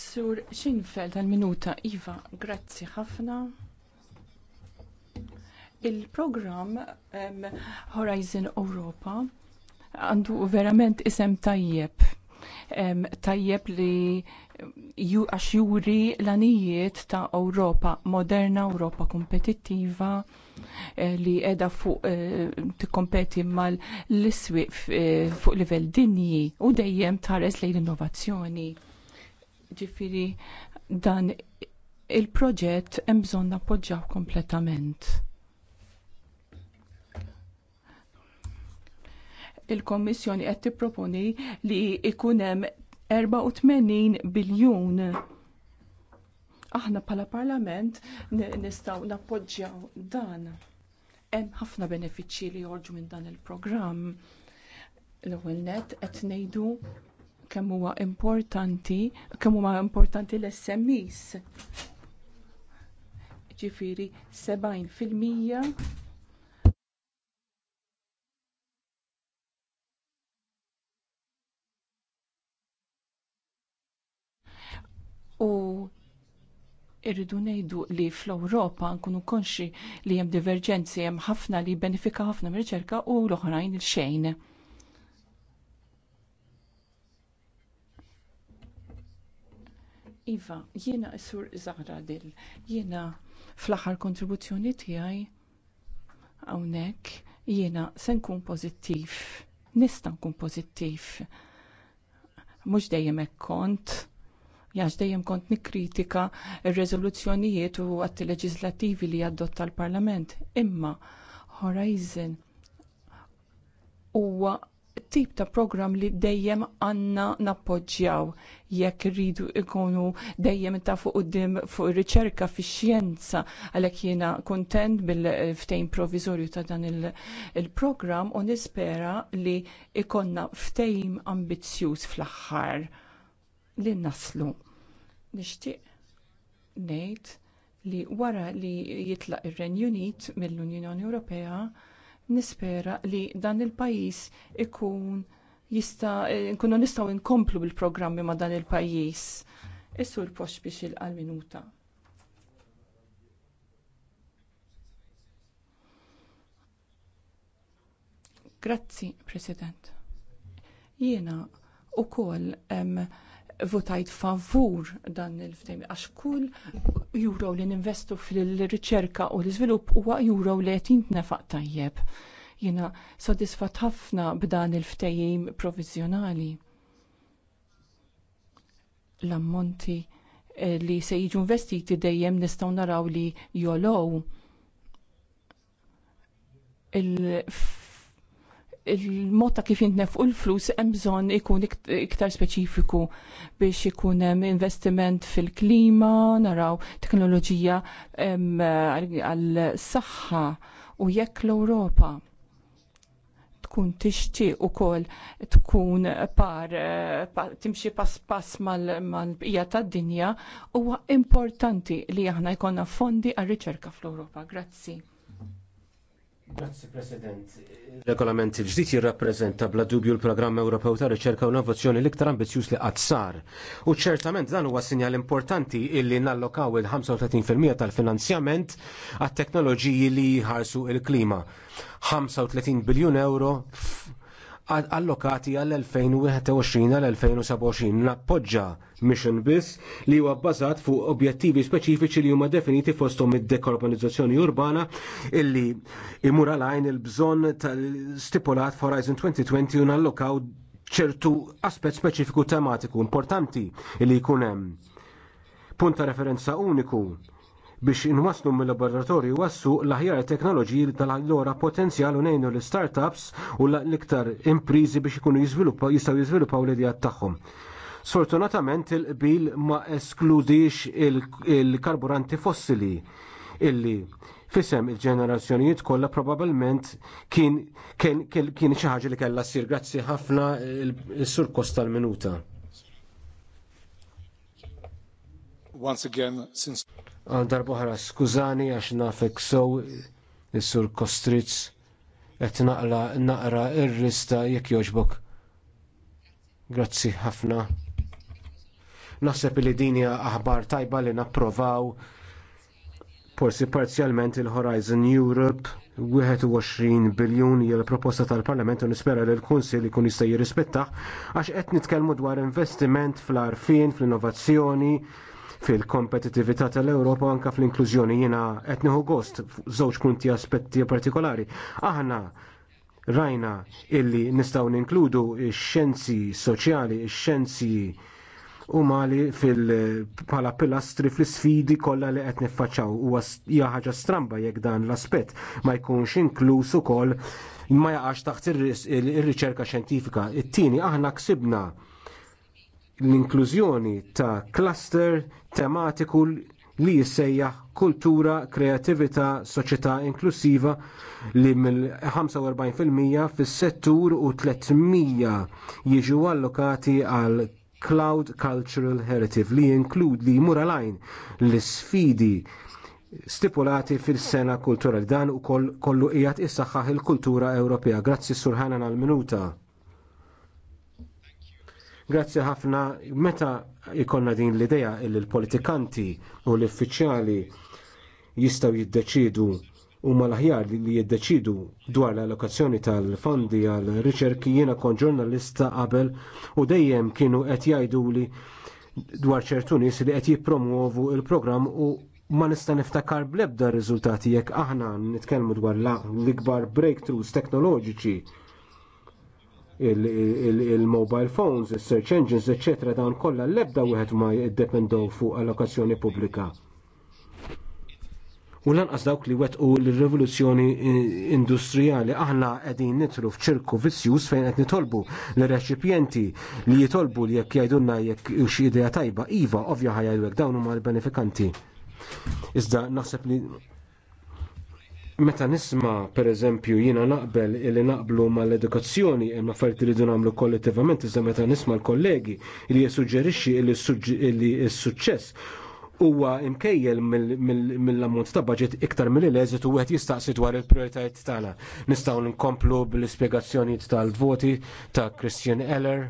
Sur Xinfeld tal-minuta, Iva, grazzi ħafna il-program Horizon Europa għandu verament isem tajjeb tajjeb li ju juri l-anijiet ta' Europa, moderna, Europa kompetittiva eh, li edha fuq eh, tikkompeti mal l eh, fuq livell dinji u dejjem tħares lejn l-innovazzjoni. Ġifiri dan il-proġett hemm bżonn appoġġjaw kompletament. il-Kommissjoni qed tipproponi li ikun hemm 84 biljun. Aħna bħala Parlament nistgħu nappoġġjaw dan. Hemm ħafna benefiċċji li jorġu minn dan il-programm. L-ewwel net qed ngħidu kemm huwa importanti, kemm huma importanti l-SMEs. Ġifieri 70 fil-mija u irridu ngħidu li fl-Ewropa nkunu konxi li hemm diverġenzi hemm ħafna li jbenefika ħafna mir-riċerka u l-oħrajn il xejn. Iva, jiena sur Zahra Dil, jiena fl-aħħar kontribuzzjoni tiegħi hawnhekk jiena se nkun pożittiv, nista' nkun pożittiv. Mhux dejjem hekk kont jax dejjem kont nikkritika r rezoluzzjonijiet u għatti leġislattivi li adotta l-Parlament. Imma Horizon huwa tip ta' program li dejjem għanna nappoġġjaw jekk rridu ikunu dejjem ta' fuq qudiem fuq ir-riċerka fix-xjenza għalhekk jiena kuntent bil-ftejn proviżorju ta' dan il-programm u nispera li ikonna ftejn ambizzjuż fl-aħħar li naslu Nixtieq ngħid li wara li jitlaq ir-Renju Unit mill-Unjoni Ewropea nispera li dan il-pajjiż ikun jista' nkunu nistgħu nkomplu bil-programmi ma' dan il-pajjiż. Is-sur pox biex il minuta. Grazzi, President. Jiena u koll votajt favur dan il-ftejmi għax kull euro li ninvestu fil-riċerka u l-iżvilupp huwa euro li qed jintnefaq tajjeb. Jiena sodisfat ħafna b'dan il-ftejim provizjonali. L-ammonti eh, li se jiġu investiti dejjem nistgħu naraw li jolow il il-mod ta' kif u l-flus hemm bżonn ikun iktar speċifiku biex ikun hemm investiment fil-klima, naraw teknoloġija għall-saħħa u jekk l-Ewropa tkun u kol tkun par timxi pass pass mal-bqija tad-dinja huwa importanti li aħna jkollna fondi għar-riċerka fl europa Grazzi. Grazzi President. Il-regolament il-ġdid jirrappreżenta bla dubju l-programm Ewropew ta' riċerka u innovazzjoni l-iktar ambizjuż li qatt sar. U ċertament dan huwa sinjal importanti illi nallokaw il-35% tal-finanzjament għat teknoloġiji li jħarsu il-klima. 35 biljun euro allokati għall-2021 għall-2027 nappoġġa mission biss li huwa bbażat fuq objettivi speċifiċi li huma definiti fosthom id-dekarbonizzazzjoni urbana illi imur għalajn il-bżonn tal-stipulat f'Horizon 2020 u nallokaw ċertu aspett speċifiku tematiku importanti li jkun hemm. Punta referenza uniku biex inwaslu mill-laboratorju wassu l-aħjar teknoloġiji tal-allora potenzjal u ngħinu l-startups u l-iktar imprizi biex ikunu jizviluppaw jistaw jizviluppaw l-idijat tagħhom. Sfortunatament il-qbil ma eskludix il-karburanti fossili illi fisem il-ġenerazzjonijiet kollha probabbilment kien kien kien xi ħaġa li kellha ssir grazzi ħafna is sur tal minuta Once again, since... skużani għax nafek sow is-sur Kostritz qed naqla naqra ir-rista jekk jogħġbok. Grazzi ħafna. Naħseb li din hija aħbar tajba li napprovaw forsi parzjalment il-Horizon Europe 21 biljun hija l-proposta tal-Parlament u nispera li l-Kunsill ikun jista' jirrispettah għax qed nitkellmu dwar investiment fl-arfin, fl-innovazzjoni, fil-kompetitività tal-Ewropa anke fl-inklużjoni jiena qed nieħu gost żewġ punti aspetti partikolari. Aħna rajna illi nistgħu ninkludu x-xjenzi soċjali, x-xjenzi umali fil-pala pilastri fl isfidi kollha li qed niffaċċaw huwa hija ħaġa stramba jekk dan l-aspett ma jkunx inkluż ukoll ma jaqax taħt ir-riċerka xjentifika. It-tieni aħna ksibna l-inklużjoni ta' cluster tematiku li jissejjaħ kultura, kreativita, soċjetà inklusiva li mill-45% fis-settur u 300 jiġu allokati għal Cloud Cultural Heritage li jinkludi li jmur lajn l isfidi stipulati fil-sena kulturali dan ukoll kollu qiegħed issaħħaħ il-kultura Ewropea. Grazzi Surħana għall minuta Grazzi ħafna meta ikonna din l-idea li l-politikanti u l-uffiċjali jistaw jiddeċidu u mal-aħjar li jiddeċidu dwar l-allokazzjoni tal-fondi għal riċerki jiena kon ġurnalista qabel u dejjem kienu qed jgħiduli dwar ċertu nies li qed jippromuovu l programm u ma nista niftakar bl-ebda r riżultati jekk aħna nitkellmu dwar l-ikbar breakthroughs teknoloġiċi il-mobile phones, il-search engines, etc. dawn kollha l-ebda wieħed ma jiddependow fuq allokazzjoni pubblika. U lanqas dawk li u l-rivoluzzjoni industrijali aħna qegħdin nitru f'ċirku vizzjuż fejn qed nitolbu l reċipjenti li jitolbu li jekk jgħidulna jekk xi idea tajba iva ovvja ħajja dawn huma l-benefikanti. Iżda naħseb li Meta nisma, per eżempju, jina naqbel li naqblu mal-edukazzjoni imma affarijiet li dun għamlu kollettivament, iżda meta nisma l-kollegi li jesuġġerixxi li s-suċċess huwa imkejjel mill-ammont ta' budget iktar mill leżit u wieħed jistaqsi dwar il-prioritajiet tagħna. Nistgħu nkomplu bl-ispjegazzjonijiet tal-voti ta' Christian Eller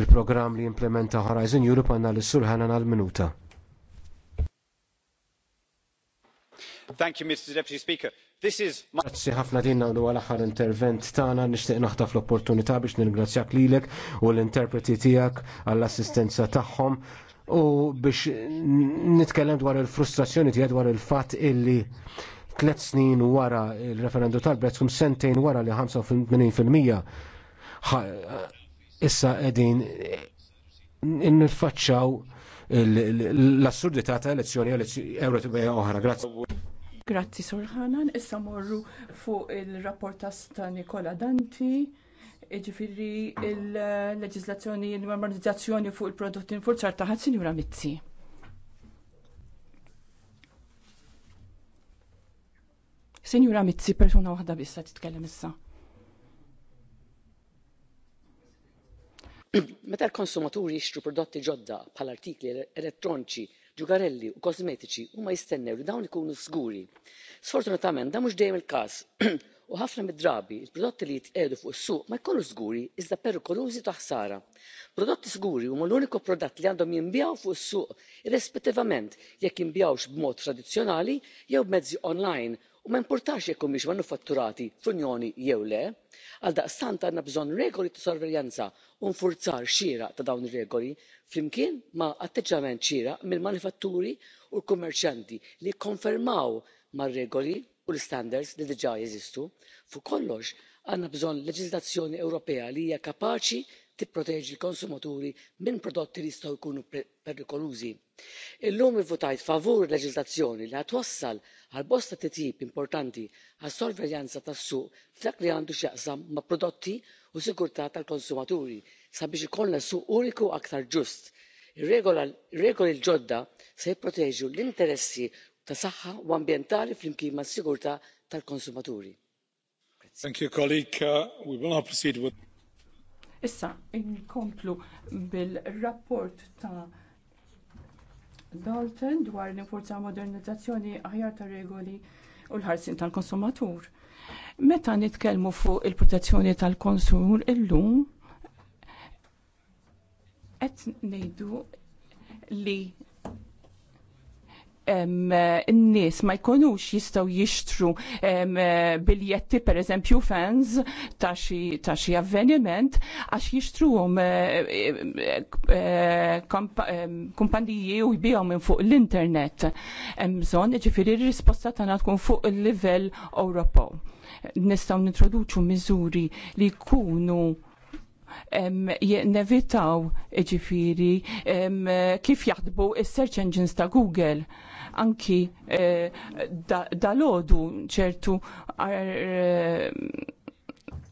il-programm li implementa Horizon Europe għandna l-surħana għal-minuta. Grazzi ħafna din għandu għal-axar intervent tagħna nixtieq naħtaf l-opportunità biex nirgrazzjak lilek u l-interpreti tiegħek għall-assistenza tagħhom u biex nitkellem dwar il-frustrazzjoni tiegħek dwar il-fatt illi tliet snin wara il-referendu tal-Brexit sentejn wara li 85% issa qegħdin niffaċċaw l-assurdità ta' elezzjoni euro oħra. Grazie. Grazzi Sorħanan, issa morru fuq il-rapport ta' Nikola Danti, ġifiri il-leġizlazzjoni, il-normalizzazzjoni fuq il-prodotti infurzar ħad, Sinjura Mizzi. Sinjura Mizzi, persuna waħda bissa titkellem issa. Meta l-konsumaturi jixtru prodotti ġodda pal artikli elettronċi ġugarelli u kosmetiċi huma jistennew li dawn ikunu żguri. sfortunatament dan mhux dejjem il-każ [clears throat] u ħafna mid-drabi il-prodotti li jitqiegħdu fuq is-suq ma jkunux żguri iżda perikolużi ta' ħsara. prodotti żguri huma l-uniku prodott li għandhom jinbjaw fuq is-suq irrispettivament jekk jinbigħux b'mod tradizzjonali jew b'mezzi online u ma importax jekk humiex manufatturati fl-unjoni jew le għaldaqstant għandna bżonn regoli ta' sorveljanza u nfurzar xieraq ta' dawn ir-regoli flimkien ma' atteġġament xieraq mill-manifatturi u l-kummerċanti li jikkonfermaw mar-regoli u l-istandards li diġà jeżistu. fuq kollox għandna bżonn leġiżlazzjoni ewropea li hija kapaċi tipproteġi l-konsumaturi minn prodotti li jistgħu jkunu perikolużi. illum ivvutajt favur leġiżlazzjoni li twassal għal bosta titjib importanti għas-sorveljanza tas-suq f'dak li għandu x'jaqsam ma' prodotti u sigurtà tal-konsumaturi sabiex ikollna suq uniku aktar ġust. ir-regoli l-ġodda se jipproteġu l-interessi ta' saħħa u ambjentali flimkien mas-sigurtà tal-konsumaturi. Issa, inkomplu bil-rapport ta' Dalton dwar l inforza modernizzazzjoni aħjar ta' regoli u l-ħarsin tal-konsumatur. Meta nitkellmu fuq il-protezzjoni tal-konsumur illum, qed ngħidu li n-nies ma jkunux jistgħu jixtru biljetti pereżempju fans ta' xi avveniment għax jixtruhom eh, eh, eh, kumpaniji u jbijhom minn fuq l-internet. Hemm bżonn ġifieri r-risposta tagħna tkun fuq il-livell Ewropew. Nistgħu nintroduċu miżuri li jkunu nevitaw ġifiri kif jaħdbu is-search engines ta' Google anki eh, dalodu ċertu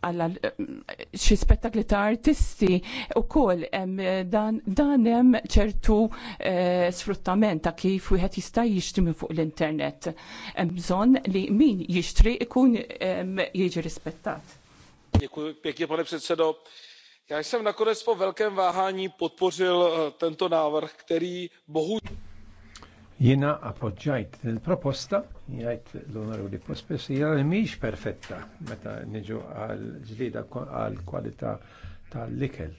għalla eh, xi spettakli ta' artisti u koll dan hemm ċertu eh, sfruttament ta' kif wieħed jista' jixtri minn fuq l-internet. Hemm bżonn li min jixtri ikun jiġi rispettat. Děkuji pěkně, pane předsedo. Já jsem nakonec po velkém váhání podpořil tento návrh, který bohužel. Jina appoġġajt il-proposta, jgħid l-onorevoli Prospessija li miex perfetta meta niġu għal ġlida għal kwalità tal likel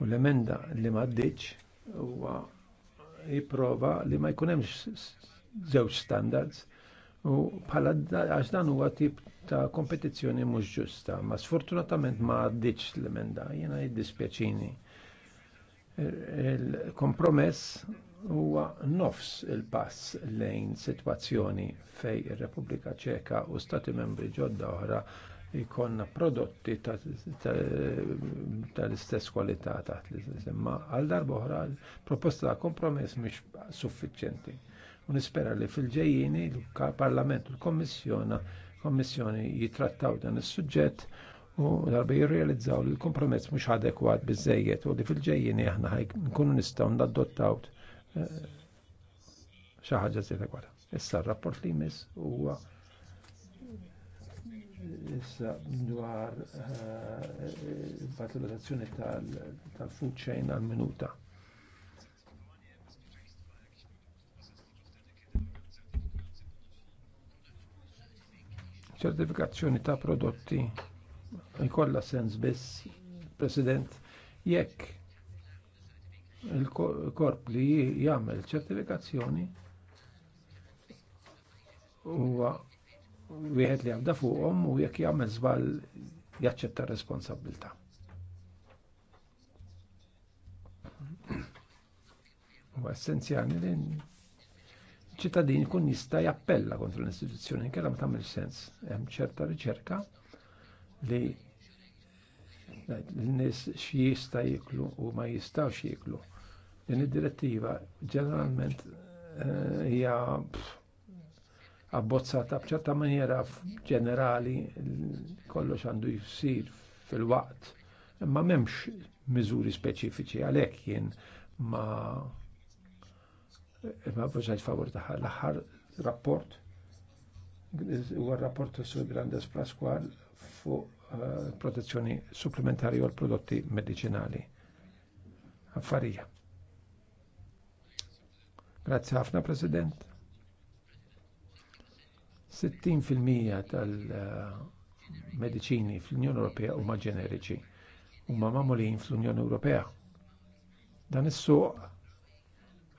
U l-emenda li m'għaddiċ huwa jipprova li ma jkun hemmx żewġ standards u pala għax dan huwa tip ta' kompetizzjoni mhux ġusta, ma sfortunatament ma għaddiċ l-emenda, jiena jiddispjaċini. Il-kompromess huwa nofs il-pass lejn sitwazzjoni fejn ir-Repubblika Ċeka u Stati Membri ġodda oħra jkollna prodotti tal-istess kwalità taħt imma għal darba oħra proposta ta' kompromess mhix suffiċjenti. U nispera li fil-ġejjini l parlament u l-Kommissjoni jitrattaw dan is-suġġett u darba jirrealizzaw li l-kompromess mhux adekwat biżżejjed u li fil-ġejjini aħna nkunu nistgħu nadottaw xaħġa zieta żieda Issa rapport li mis huwa issa dwar valutazzjoni eh, tal-food chain għal-minuta. ċertifikazzjoni ta' prodotti jkollha sens biss, President, jekk il-korp li jagħmel ċertifikazzjoni huwa wieħed li għabda fuqhom u jekk jagħmel żball jaċċetta r U Huwa essenzjali li ċittadin kun jista' jappella kontra l-istituzzjoni kellha ma tagħmel sens. Hemm ċerta riċerka li l-nies x'jista' jiklu u ma jistax jiklu Din id-direttiva ġeneralment eh, hija abbozzata b'ċerta maniera ġenerali kollox għandu jsir fil-waqt. Ma m'hemmx miżuri speċifiċi għalhekk jien ma ma voċajt favor taħħa l-aħħar rapport huwa rapport sur Grandes Pasqual fuq eh, protezzjoni supplementari għal prodotti medicinali. Affarija. Grazzi ħafna, President. 60% tal-medicini fl-Unjoni Ewropea huma ġeneriċi huma magħmulin fl-Unjoni Ewropea. Dan is-suq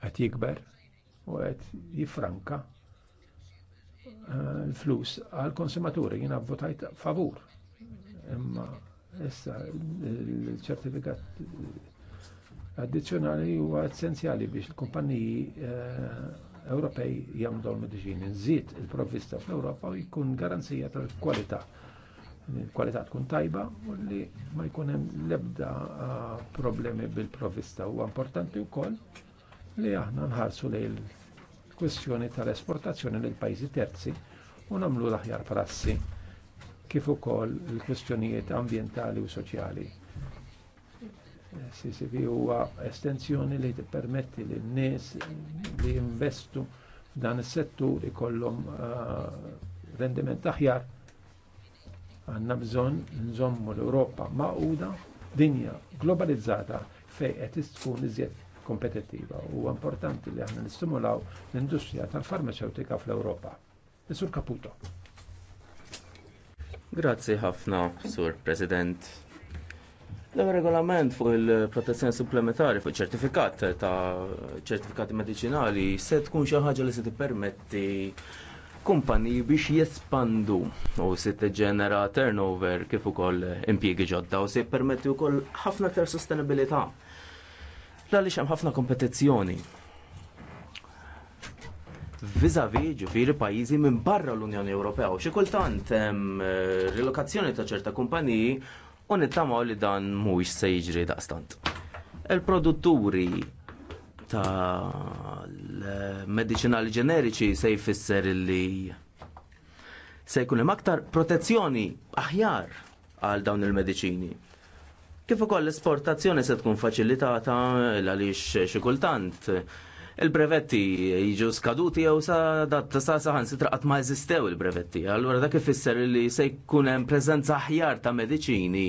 qed jikber u qed jifranka eh, l-flus għall konsumaturi jiena votajt favur. Imma issa l-ċertifikat addizzjonali huwa essenzjali biex il-kumpaniji eh, Ewropej jagħmlu dawn mediċini. Nżid il-provvista fl-Ewropa u jkun garanzija tal-kwalità. Il-kwalità tkun tajba u li ma jkun hemm l-ebda eh, problemi bil-provvista. Huwa importanti wkoll li aħna nħarsu lejn il-kwestjoni tal-esportazzjoni lil pajjiżi terzi u nagħmlu l-aħjar prassi kif ukoll il-kwestjonijiet ambjentali u soċjali CCP huwa estensjoni li tippermetti li n-nies li investu f'dan is-settur ikollhom eh, rendiment aħjar. Għandna bżonn nżommu l-Ewropa maquda dinja globalizzata fejn qed tkun iżjed kompetittiva. Huwa importanti li aħna nistimulaw l-industrija tal-farmaceutika fl-Ewropa. Isur Caputo. Grazzi ħafna, Sur President. L-regolament fuq il-protezzjoni supplementari fuq ċertifikat ta' ċertifikati medicinali se tkun xi ħaġa li se tippermetti kumpaniji biex jespandu u se tiġġenera turnover kif ukoll impjiegi ġodda u se jippermetti wkoll ħafna aktar sostenibilità. Għaliex hemm ħafna kompetizzjoni. Vizavi ġifiri pajizi minn barra l-Unjoni Ewropea u xi kultant hemm rilokazzjoni ta' ċerta kumpaniji u nittamaw li dan mhuwiex se jiġri daqstant. Il-produtturi tal-medicinali ġeneriċi se jfisser li se jkun hemm aktar protezzjoni aħjar għal dawn il-mediċini. Kif ukoll l-esportazzjoni se tkun faċilitata għaliex xi kultant il-brevetti jiġu skaduti jew sa dat sa saħan sitra qatt ma jeżistew il-brevetti. Allura dak ifisser li se jkun hemm preżenza aħjar ta' mediċini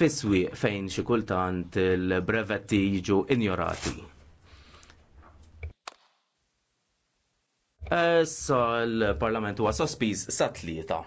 fiswi fejn xi kultant il-brevetti jiġu injorati. Issa l-Parlament huwa sospiż sa tlieta.